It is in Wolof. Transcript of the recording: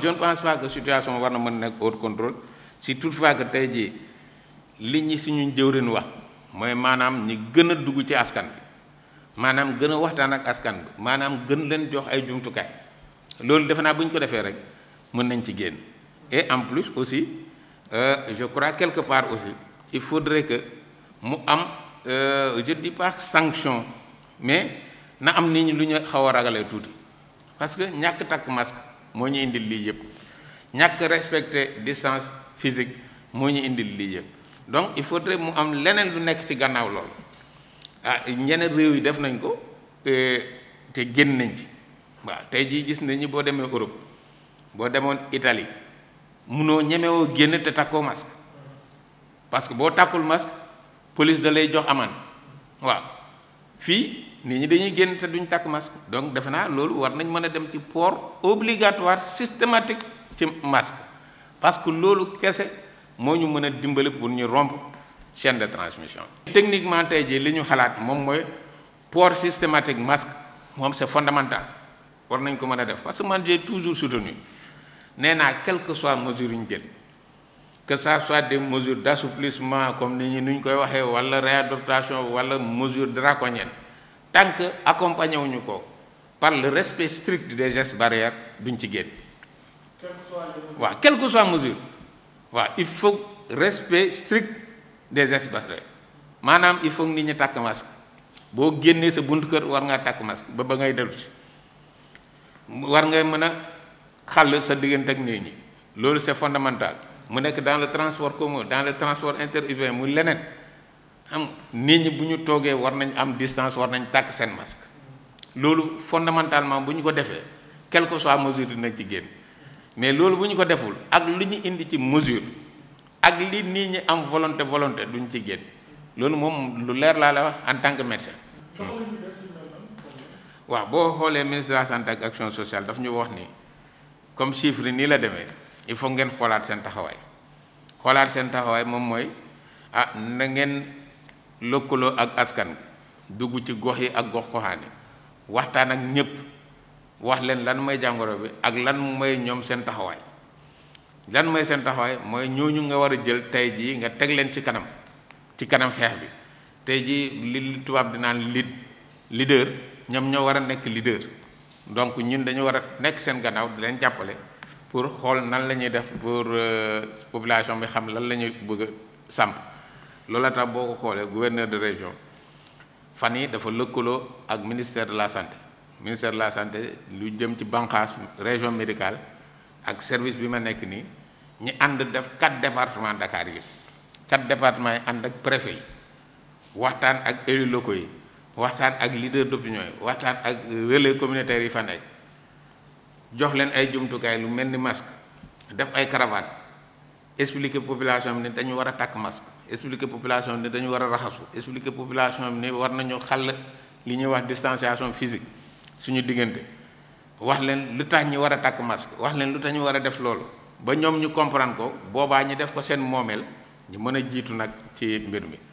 je ne pense pas situation war na mën nekk hors contrôle si toutefois que tey jii li ñi suñu jëwrin wax mooy maanaam ni gën a dugg ci askan bi maanaam gën a waxtaan ak askan bi maanaam gën leen jox ay jumtukaay loolu defe naa bu ñu ko defee rek mën nañ ci génn et en plus aussi euh, je crois quelque part aussi il faudrait que mu am euh, je ne dis sanction mais na am nit ñi lu ñu xaw a ragalee tuuti parce que ñàkk takk masque moo ñu indil lii yëpp ñàkk respecter distance physique moo ñu indil lii yëpp donc il faudrait mu am leneen lu nekk ci gànnaaw lool ah ñeneen réew yi def nañ ko euh, te génn nañ ci waa tey jii gis nañu boo demee Europe boo demoon Italie munoo ñemewoo génn te takkoo masque parce que boo takkul masque police da lay jox amende waaw. fii nit ñi dañuy génn te duñ tàkk masque donc defe naa loolu war nañ mën a dem ci port obligatoire systématique ci masque parce que loolu kese moo ñu mën a dimbali pour ñu rompre chaine de transmission techniquement tey jii li ñu xalaat moom mooy port systématique masque moom c'est fondamental war nañ ko mën a def parce que man j'ai toujours soutenu nee naa quelle que soit mesure ñu jël que ça soit des mesures d'assouplissement comme ni ñi ñu koy waxee wala réadaptation wala mesure draconienne tant que accompagné wuñu ko par le respect strict des gestes barrières duñ ci génn. waa quelle que soit mesure waaw il faut respect strict des gestes barrières maanaam il faut nit ñi tàkk masque boo génnee sa buntu kër war ngaa tàkk masque ba ba ngay dellu si war ngay mën a xàll sa diggante ak nit ñi loolu c'est fondamental mu nekk dans le transport commun dans le transport interurbain muy leneen am nit ñi bu ñu toogee war nañ am distance war nañ tàkk seen masque loolu fondamentalement bu ñu ko defee quelle que soit mesure dinañ ci génn mais loolu bu ñu ko deful ak li ñu indi ci mesure ak li nii ñi am volonté volonté ñu ci génn loolu moom lu leer laa la en tant que médecin. waaw boo xoolee ministre de la santé action sociale daf ñu wax nii comme chiffre nii la demee. il faut ngeen xoolaat seen taxawaay xoolaat seen taxawaay moom mooy ah na ngeen lëkkaloo ak askan dugg ci gox yi ak gox koxaani waxtaan ak ñëpp wax leen lan mooy jàngoro bi ak lan mooy ñoom seen taxawaay lan mooy seen taxawaay mooy ñu nga war a jël tey jii nga teg leen ci kanam ci kanam xeex bi tey jii li tubaab di naan lead leader ñoom ñoo war a nekk leader donc ñun dañu war a nekk seen gannaaw di leen jàppale. pour xool nan la ñuy def pour euh, population bi xam lan la ñuy bëgg a sàmp loola tax boo ko xoolee gouverneur de région fan yi dafa lëkkaloo ak ministère de la santé ministère de la santé lu jëm ci banqaas région médicale ak service bi ma nekk nii ñi ànd def quatre département Dakar yi quatre département yi ànd ak préfet yi waxtaan ak élus locaux yi waxtaan ak leader d'opinion yi waxtaan ak relais communautaire yi fa jox leen ay jumtukaay lu mel ni masque def ay cravate expliquer population bi ne dañu war a takk masque expliquer population bi ne dañu war a raxasu expliquer population bi ni war nañu xàll li ñuy wax distanciation physique suñu diggante wax leen lu tax ñu war a takk masque wax leen lu tax ñu war a def loolu ba ñoom ñu comprendre ko boobaa ñu def ko seen moomeel ñu mën a jiitu nag ci mbir mi